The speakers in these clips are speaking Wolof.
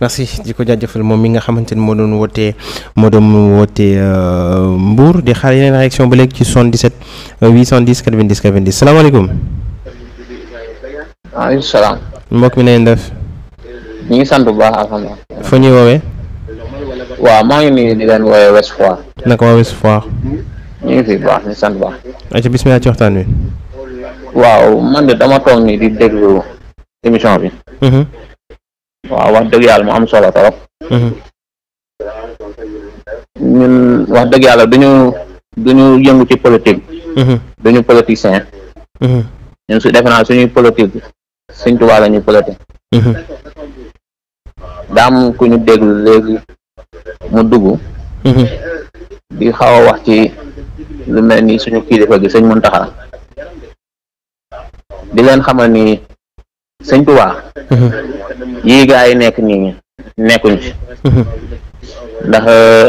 merci di ko moom mi nga xamante ni moo doon wootee moo doon wootee euh, Mbour di xaar yeneen réaction ba léegi ci 77 810 90 90 salaamaaleykum. waaleykum ah, salaam. mbokk mi na ngeen def. ñu ngi sant bu baax alhamdulilah. fa ñuy woowee. waaw maa ngi nuyu di leen woowee West Foire. naka waa West Foire. ñu fi baax ñu sant baax. ayca bisimilah ci waxtaan wi. waaw man de dama toog nii di déglu émission bi. Mm-hmm. waaw wax dëgg yàlla mu am solo trop mhm. ñun wax dëgg yàlla duñu duñu yëngu ci politique mhm. duñu politicien mhm. ñun su defe suñuy politique suñ tubaab la ñuy politique daam ku ñu dégg léegi mu dugg di xaw a wax ci lu mel ni suñu kilifa gi sëñ Muntaxa di leen xamal ni sëñ Tuubaa mhm. yii gaa yi nekk nii nekkuñ ci mhm. ndax euh,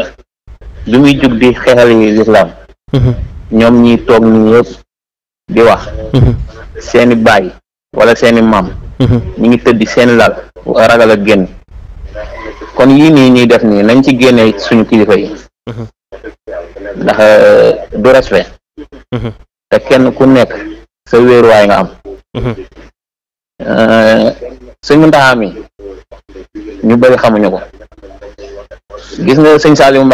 bi muy jug di xeexal lislaam mhm. ñoom ñi toog nii yëpp di wax seeni baay wala seeni maam ñi ngi tëddi seeni lal ragal a génn kon yii nii ñuy def nii nañ ci génne suñu kilifa yi ndax euh, du respect te kenn ku nekk sa wéeruwaay nga am Euh, sëñ Muntaxa mi ñu bëri xamuñu ko gis nga sëñ Saliou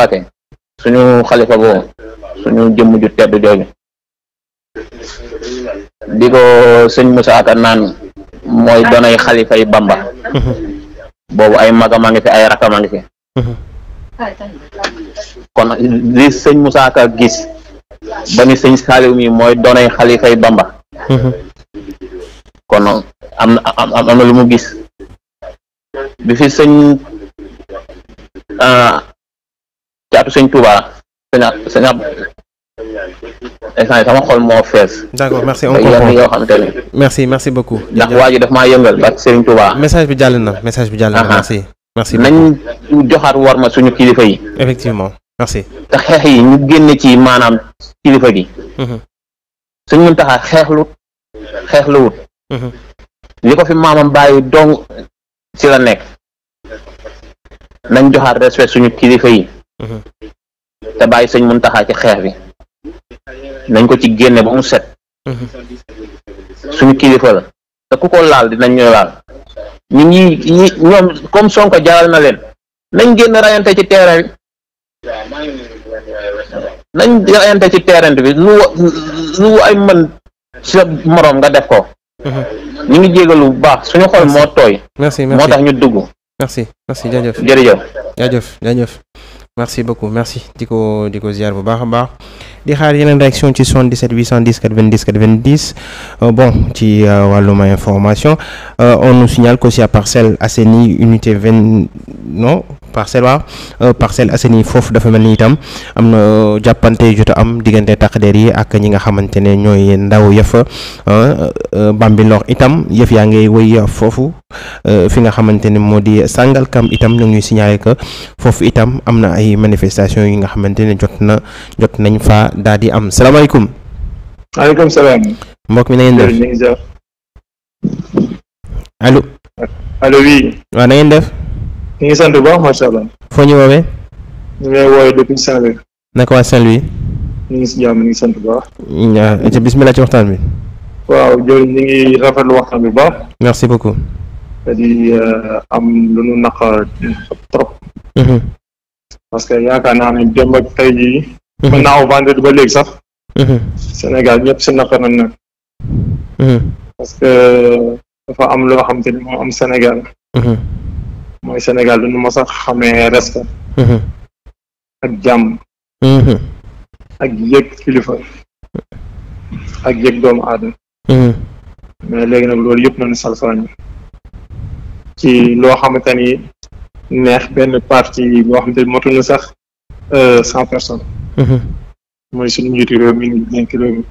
suñu xalifa boobu suñu jëmm ju tedd jooju di ko sëñ Moussa Ka naan mooy doonay xalifa yi boobu ay magam fi ay rakam fi kon li sëñ Moussa gis ba sëñ Saliou mooy doonay xalifa yi kon am na am lu mu gis bi fi sëñ caatu ah, sëñ Touba sëñ sëñ ab instant sama xol moo fees. d'accord merci on comprend yoo xamante ne merci merci beaucoup. ndax waa ji daf maa yëngal ba Serigne Touba. message bi jàll na message bi jàll na. merci merci nañ joxaat war ma suñu kilifa yi. effectivement merci. te xeex yi ñu génne ci maanaam kilifa gi. Mhm. suñ mun li ko fi maamam bàyyi dong ci la nekk nañ joxaat respect suñu kilifa yi mhm. te bàyyi sëñ Muntaxa ci xeex bi nañ ko ci génne ba mu set mhm. suñu kilifa la te ku ko laal dinañ ñu laal ñi ñi ñi ñoom comme Sonko jaral na leen nañ génn rayante ci terrain bi nañ rayante ci terrain bi lu lu ay mën sa moroom nga def ko ñu ngi jégalu bu baax suñu xol moo tooy. merci merci moo tax ñu dugg. merci merci jaajëf jërëjëf. jaajëf jaajëf merci beaucoup merci di ko di ko ziar bu baax a baax. di xaar yeneen réaction ci 77 810 90 90 euh, bon ci euh, wàllum information euh, on nous signale qu'aussi à Parcelles Assainies unité 20 non parcelle waaw euh, Parcelles Assainies foofu dafa mel ni itam am na euh, jàppante jot am diggante taqdeer yi ak ñi nga xamante ne ñooy ndaw yafa euh, Bambilor itam yëf yaa ngi wéy foofu fi nga xamante ne moo di Sangalkam itam ñu ngi ñuy signaler foofu itam am na ay manifestations yi nga xamante ne jot na jot nañ fa daal di am salaamaaleykum. maaleykum salaam. mbokk mi na ngeen def allo. allo oui. waaw na ngeen def. ñu ngi sant bu baax macha allah. foo ñu woowee. ñu ngi lay woowee depuis Saint-Louis. naka waa Saint-Louis. ñu ngi si jàmm ñu ngi sant bu baax. waaw ca bisimilah ci waxtaan bi. waaw jërëjëf ñu ngi lu waxtaan bi bu baax. merci beaucoup. c'est di euh, am lu nu naqa trop. Mhm. parce que yaakaar naa ne démb ak tey jii. Mhm. mën naa aw vendredi ba léegi sax. Mhm. Sénégal ñëpp si naqar nañ nag. parce que euh, dafa am loo xam moo am Sénégal. mooy Sénégal du ñu mos a xamee respect mhm. ak jàmm mhm. ak yëg kilifa ak yëg doomu aadama mhm. mais léegi nag loolu yëpp nañu salfarañ ci loo xamante ni neex benn parti boo xamante ni motuñu sax euh, cent personnes mooy suñu njiitu réew mi ngi dénk réew mi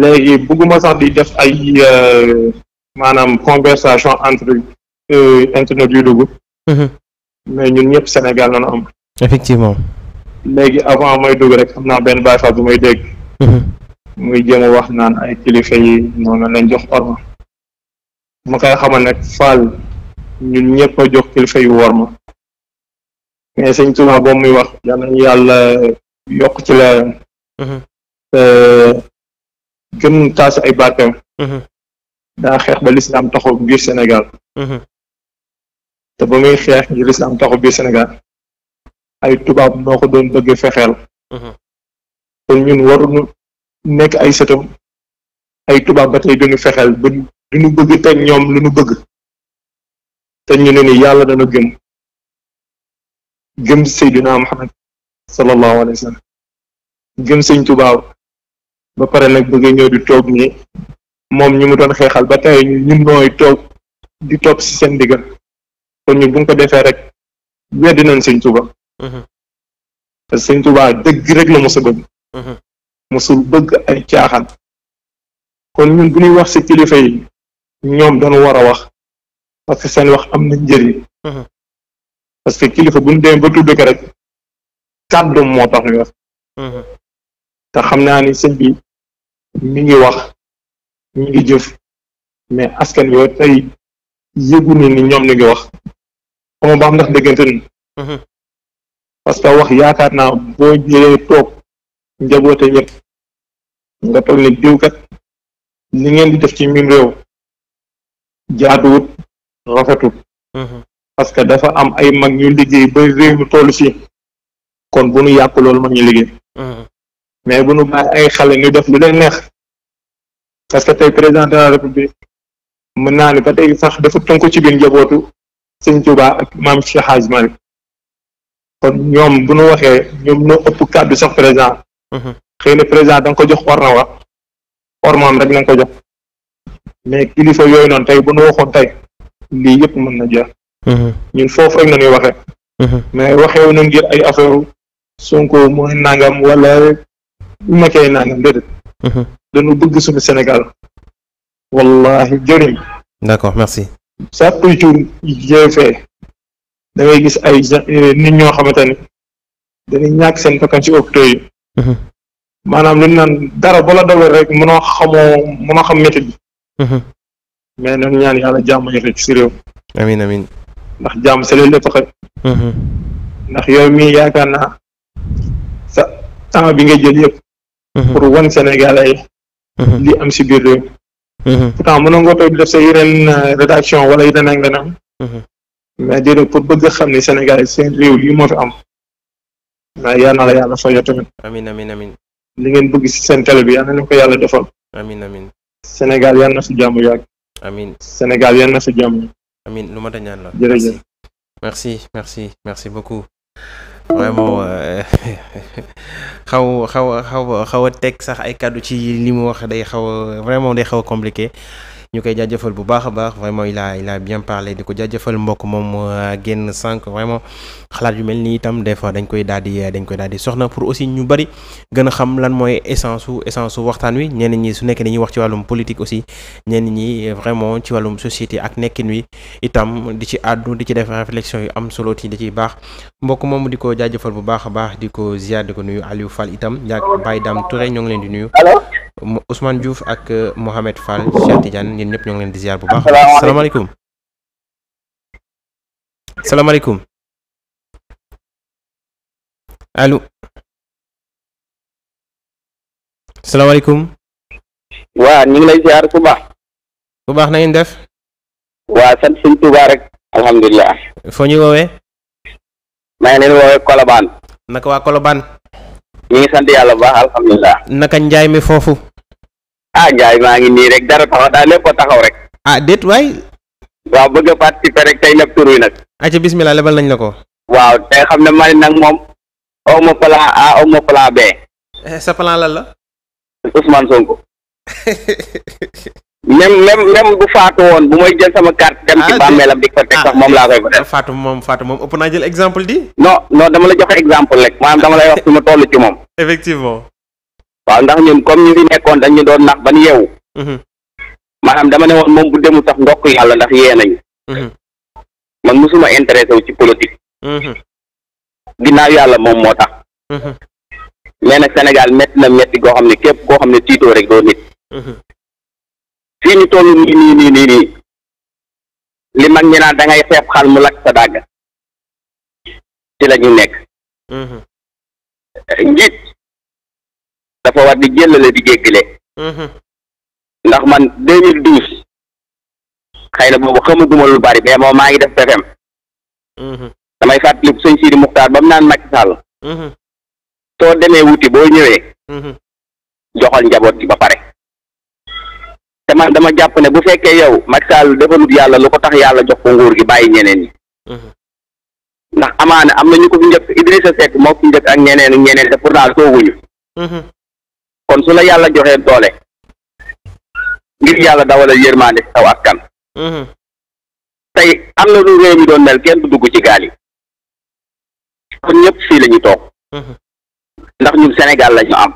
léegi bëgguma sax di def ay euh, maanaam conversation entre Euh, internet yuy dugg. Mhm. mais ñun ñëpp Sénégal noonu am. effectivement. léegi avant mooy dugg rek am na benn baay faal bu may dégg. Mhm. muy jéem wax naan ay kilifa yi noonu lañ jox orma. ma koy xamal nag faal ñun ñëpp a jox kilifa yu worma. mais sëñ Tuubaa boobu muy wax yal nañu yàlla yokk ci leeram. Mhm. Euh, gën taas ay barkeem. daa xeex ba lislaam taxaw ngir Sénégal. te ba muy xeex ngir lislaam taxu biir Sénégal ay tubaab noo ko doon bëgg fexeel te mhm. ñun waruñu nekk ay sëtam ay tubaab ba tey duñu fexeel ba duñu bëgg teg ñoom lu ñu bëgg te ñu ne ni yàlla dana gëm gëm Seydina Muhammad sallallahu alayhi wa gëm sëñ tubaaw ba pare nag bëgg ñëw di toog nii moom ñu mu doon xeexal ba tey ñun nooy toog di topp ci seen diggal kon ñu buñ ko defee rek weddi nañ sëñ Tuuba parce que sëñ dëgg rek la mos a bëgg mhm. mosul bëgg ay caaxaan kon ñun bu ñuy wax ci kilifa yi ñoom dañu war a wax parce que seen wax am na njëriñ mhm. parce que kilifa bu ñu demee ba tudd ko rek kàddu moo tax ñu wax mhm. te xam naa ni sëñ bi mi ngi wax mi ngi jëf mais askan yoo tey yëgu ni ni ñoom ni ngi wax xaw ma ndax déggante nañ mhm. parce que wax yaakaar na boo jëlee toog njaboote ñëpp nga toog ne diwkat li ngeen di def ci mim réew jaatuwut rafetut mhm. parce que dafa am ay mag ñu liggéey ba réew mi toll fii kon bu nu yàq loolu mag ñu liggéey mhm. mais bu nu bàyyi ay xale ñu def lu leen neex parce que tey président de la république mën naa ne ba tey sax dafa tënk ci biir njabootu sëñ Tuubaa ak maam Cheikh Hadj Malick kon ñoom bu nu waxee ñoom ñoo ëpp kàddu sax président mhm. xëy na président da nga ko jox orna wa ormaam rek la nga ko jox mais kilifa yooyu noonu tey bu nu waxoon tey lii yëpp mën na jeex mhm. ñun foofu rek nañuy waxee mhm. mais waxewu nu ngir ay affaire Sonko mooy nangam wala ma nangam déedéet dañu bëgg suñu Sénégal wallahi jëriñ d'accord merci chaque jour jee fee gis ay eh, nit ñoo xamante ni dañuy ñàkk seen bakkan ci hôpitaux yi mhm. maanaam lu ñu naan dara bala dogal rek mënoo xamoo mënoo xam métit bi mhm. mais nag ñaan yàlla jàmm ñu ci si réew amin amin ndax jàmm sa lépp xaj mhm. ndax yow mii yaakaar naa sa temps bi nga jël yëpp pour wan Sénégalais yi li am si biir réew pourtant mënoon nga koy def sa yeneen euh, rédaction wala yeneen ak leneen mm-hmm. mais déedéet pour bëgg xam ne Sénégal seen réew lii moo la yàlla fayoo tamit amin amin li ngeen bëgg ci seen télé bi yal ko yàlla defal amin amin Sénégal yal na fi jàmm yàgg amin Sénégal yal na jàmm amin lu ma dañaan la jërëjëf merci merci merci beaucoup vraiment euh, xaw xaw a xaw xaw a teg sax ay kàddu ci li mu wax day xaw a vraiment day xaw a compliqué ñu koy jaajëfal bu baax a baax vraiment il la il a bien parlé di ko jaajëfal mbokk moom euh, génn sànq vraiment xalaat yu mel nii itam des fois dañ koy daal di euh, dañ koy daal di soxna pour aussi ñu bëri gën a xam lan mooy essence su waxtaan wi ñenn ñi su nekkee dañuy wax ci wàllum politique aussi ñenn ñi vraiment ci wàllum société ak nekkin wi itam di ci àddu di ci def réflexion yu am solo ti di ciy baax mbokk moom di ko jaajëfal bu baax a baax di ko ziar di ko nuyu Aliou Fall itam yaak Baye Dame Touré ñoo ngi leen di nuyu. Ousmane Diouf ak euh, Mohamed Fall Cheikh Tidiane ñun ñëpp ñoo ngi leen di ziar bu baax. salaamaaleykum waa ñu ngi lay ziar bu baax. bu baax na ngeen def. waa sant suñ Tuubaa rek. alhamdulilah. foo ñuy woowee. maa na leen woowee Colobane. naka waa Colobane. ñu ngi sant yàlla bu baax alhamdulilah. naka njaay mi foofu. ah njaay maa ngi nii rek dara taxaw daal lépp a taxaw rek. ah déet waay. waaw bëgg a participer rek tey nag tur nag. ayca bismillah lebal nañ la ko. waaw tey xam ne man nag moom. aw ma plan A B. Eh, sa plan lan la. Ousmane Sonko. même même même bu faatu woon bu may jël sama carte dem ci ah, bàmmeelam di ko teg ah, moom laa koy faatu moom faatu moom ëpp naa jël exemple di non non dama la joxe exemple rek maanaam dama lay wax fi ma toll ci moom effectivement waaw ndax ñun comme ñu fi nekkoon dañ ñu doon nax ban yeewu mhm. maanaam dama ne woon moom bu demul tax ndokk yàlla ndax yee nañu mhm. man mosuma intéressé wu ci politique mhm. ginnaaw yàlla moom moo tax mais nag Sénégal métti na métti goo xam ne képp koo xam ne tiitoo rek doo nit fii ñu toll nii nii nii nii li mag ñi naan da ngay xal mu lakk sa dàgg ci la ñu nekk mm-hmm. njiit dafa war di jëlale di jéggale mm-hmm. ndax man deux mille douze na boobu xamaguma lu bari mais moom maa ngi def fefem mm-hmm. damay fàttali sëñ Sidi Muxtaar ba mu naan Macky Sall soo demee wuti boo ñëwee joxal njaboot gi ba pare te man dama jàpp ne bu fekkee yow Macky Sall defalut yàlla lu ko tax yàlla jox ko nguur gi bàyyi ñeneen ñi mhm. ndax amaana am na ñu ko fi njëkk a Seck moo fi njëkk ak ñeneen ñeneen te pourtant tooguñu mhm. kon su la yàlla joxee doole ngir yàlla dawala yërmande si taw askan mhm. tey am na lu réew mi doon mel kenn du dugg ci gaal yi kon ñëpp fii la toog ndax ñun Sénégal la am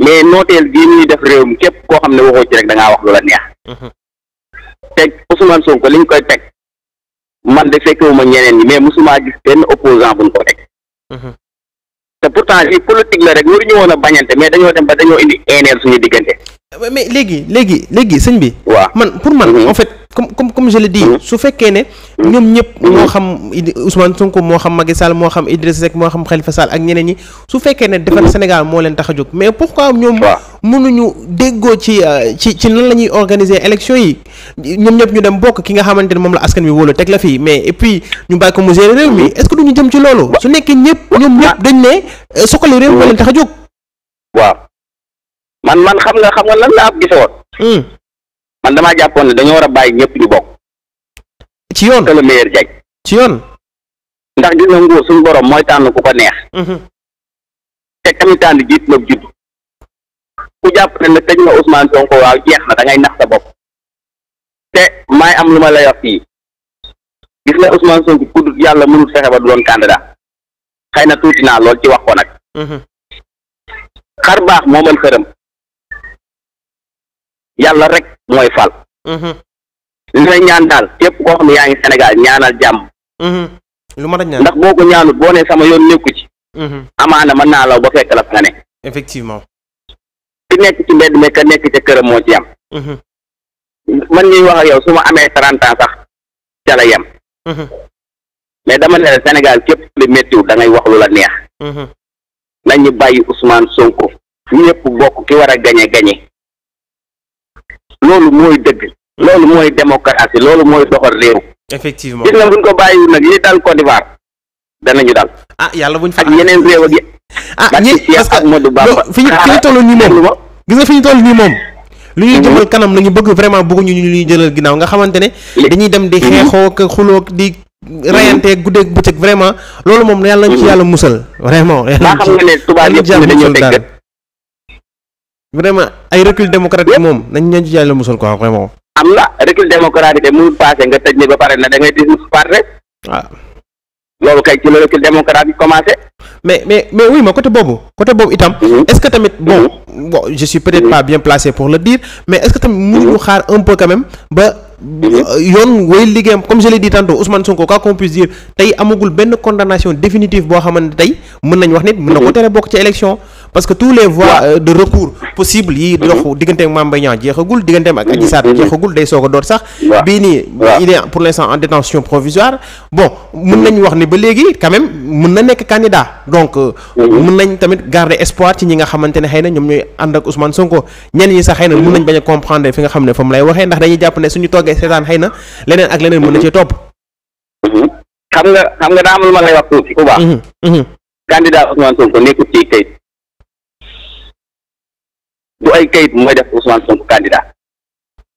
mais nooteel gi ñuy def réew mi képp koo xam ne waxoo ci rek da ngaa wax lu la neex. Mhm. teg Ousmane Sonko liñ koy teg man de fekkewuma ñeneen ñi mais mosuma gis benn opposant buñ ko teg. Mhm. te pourtant lii politique la rek waruñu woon a bañante mais dañoo dem ba dañoo indi énergie suñu diggante. mais léegi léegi léegi sëñ bi. waaw man pour man mhm. en fait. comme comme comme je l'ai hmm. su fekkee ne ñoom ñëpp hmm. Hmm. moo xam Ousmane sunk moo xam Macky Sall moo xam Idrissa Seck moo xam Khalifa Sall ak ñeneen ñi su fekkee ne defar Sénégal moo leen tax a jóg mais pourquoi ñoom ñu déggoo ci euh, ci ci nan la ñuy organiser élection yi ñoom ñëpp ñu dem bokk ki nga xamante ne moom la askan wi wóolu teg la fii mais et puis ñu bàyyi ko mu gérer réew mi est-ce que duñu jëm ci loolu su nekkee ñëpp ñoom ñëpp dañ ne euh, soxali réew moo leen tax a jóg waaw man xam nga xam nga lan laa gisewoon man damaa jàppoon ne dañoo war a bàyyi ñëpp ñu bokk. ci yoon le meilleur jaaj. ci yoon. ndax gis nga nguur suñu borom mooy tànn ku ko neex. Mm-hmm. te kami tànn jiit la judd. ku jàpp ne ne tëj nga Ousmane Sonko waaw jeex na da ngay nax sa bopp. te maay am lu ma lay wax fii. gis nga Ousmane Sonko ku yàlla mënul fexe ba du doon candidat. xëy na tuuti naa lool ci wax ko nag. Mm-hmm. xar baax moomal xërëm. yàlla rek. mooy fal mhm. li may ñaan daal képp koo xam ne yaa ngi Sénégal ñaanal jàmm mhm. lu ma ñaan ndax boo ko ñaanut boo ne sama yoon nekku ci mhm. amaana mën naa law ba fekk la fa ne effectivement ki nekk ci mbedd këram moo ci yam man ñuy wax ak yow su ma amee trente ans sax ca la yem mais dama ne la Sénégal képp lu da wax lu la neex nañu bàyyi Ousmane Sonko ñëpp bokk ki war a gañe gañe loolu mooy dëgg loolu mooy démocratie loolu mooy doxal réew. effectivement gis nga buñ ko bàyyiwul nag li dal Côte d'Ivoire danañu dal. ah yàlla buñ fa yeneen réew ak ah ñi parce que loo fi ñu fi ñu toll nii moom ñu toll nii moom. lu ñuy jëmal kanam la ñu bëgg vraiment bëgguñu ñu ñuy jëlal ginnaaw nga xamante ne. dañuy dem di mhm. xeexoo ak xuloo di. rayante guddeeg bëccëg vraiment. loolu moom yàlla nañu ci mhm. yàlla musal. vraiment yàlla nañu ci yàlla musal daal vraiment ay recul démocratique moom nañ ñaan ci yàlla musal quoi am na recul démocratique mu passé nga tëj ni ba pare na da ngay dismiss parti rek. waaw. Ah. loolu kay ci la recul démocratique commencé. mais mais mais oui ma côté boobu côté boobu itam. Mhm. est que tamit bon mhm. bon je suis peut-être mhm. pas bien placé pour le dire mais est que tamit mënuñu xaar un peu quand ba. yoon way liggéeyam comme je l'ai dit tantôt Ousmane Sonko quoi qu'on puisse dire tey amagul benn condamnation définitive tey mën nañ wax nit mën ko tere bokk ci parce que tous les voies euh, de recours possibles yi dox diggante ak Mame Mbaye Niang jeexagul digganteem ak Adji Sarr mm-hmm. jeexagul a door sax bii nii il est pour l'instant en détention provisoire bon mën nañ wax ni ba léegi quand même mën na nekk candidat donc euh, mm-hmm. mën nañ tamit garder espoir ci ñi nga xamante ne xëy na ñoom ñooy ànd ak Ousmane Sonko ñenn ñi sax xëy na mën nañ bañ a comprendre fi nga xam ne fa mu lay waxee ndax dañuy jàpp ne suñu toggee seetaan xëy na leneen ak leneen mën na ci topp mm-hmm. xam nga xam ma lay wax tuuti ku baax du ay kayit mooy def Ousmane Sonko candidat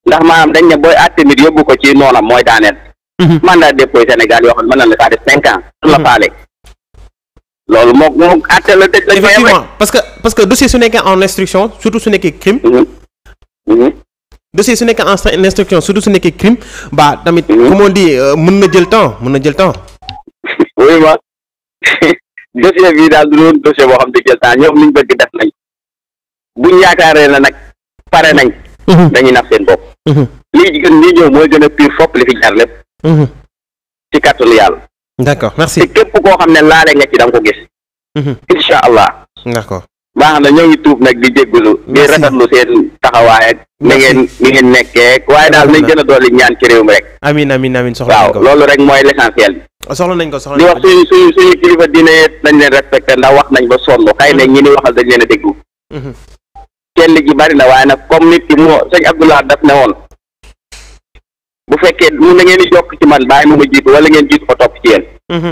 ndax maanaam dañ ne booy àtte nit yóbbu ko ci noonam mooy daaneel. Mhm. mandat dépôt Sénégal yoo xam ne mën na la kaa def cinq ans. Mhm. loolu moo moo àtte la tëj. parce que parce que dossier su nekkee en instruction surtout su nekkee crime. Mhm. dossier su nekkee en instruction surtout su nekkee crime ba tamit. comme di dit euh, mën na jël temps mun na jël temps. oui ma dossier bii daal du doon dossier boo xam ne jël temps ñoom li ñu bëgg def nañ. buñ yaakaaree na nag pare nañ mhm. dañuy nax seen bopp mhm. lii gën lii ñëw mooy gën a pire fopp li fi jaar lépp mhm. ci kàttanu yàlla d'accord merci te képp koo xam ne laale nga ci da nga ko gis insha allah d'accord baax na ñoo ngi tuub nag di jéggulu di rafetlu seen taxawaay ak ni ngeen ni ngeen waaye daal nañ gën a dolli ñaan ci réew mi rek amin amin amin soxla waaw loolu rek mooy l'essentiel bi soxla nañ ko soxla di wax suñu suñu suñu kilifa dina nañ leen respecté ndax wax nañ ba sonn xëy na ñi ni waxal a déglu kenn gi bari na waaye nag comme nit ki moo sëñ Abdoulaye daf ne woon bu fekkee mu na ngeen di jokk ci man bàyyi mu ma jiitu wala ngeen jiitu ko topp ci yéen mhm.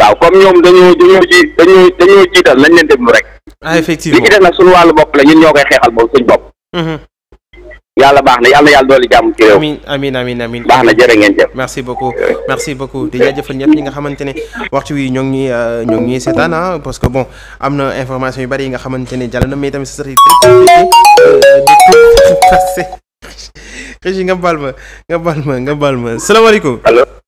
waaw comme ñoom dañoo dañoo ji dañoo dañoo jiital nañ leen déglu rek ah effectivement li ci def nag suñu wàllu bopp la ñun ñoo koy xeexal boobu suñ bopp mhm. yàlla baax na yàlla yàlla dooli jàmm ci réew amin amin baax na jërë ngeen jëf merci beaucoup merci beaucoup di jaajëfal ñëpp ñi nga xamante ne waxtu wi ñoo ngi ñuy euh, ñoo ah, parce que bon am na information yu bari yi nga xamante ne jàll na mais tamit sa sari très euh, passé xëy nga baal ma nga baal ma nga baal ma salaamaaleykum allo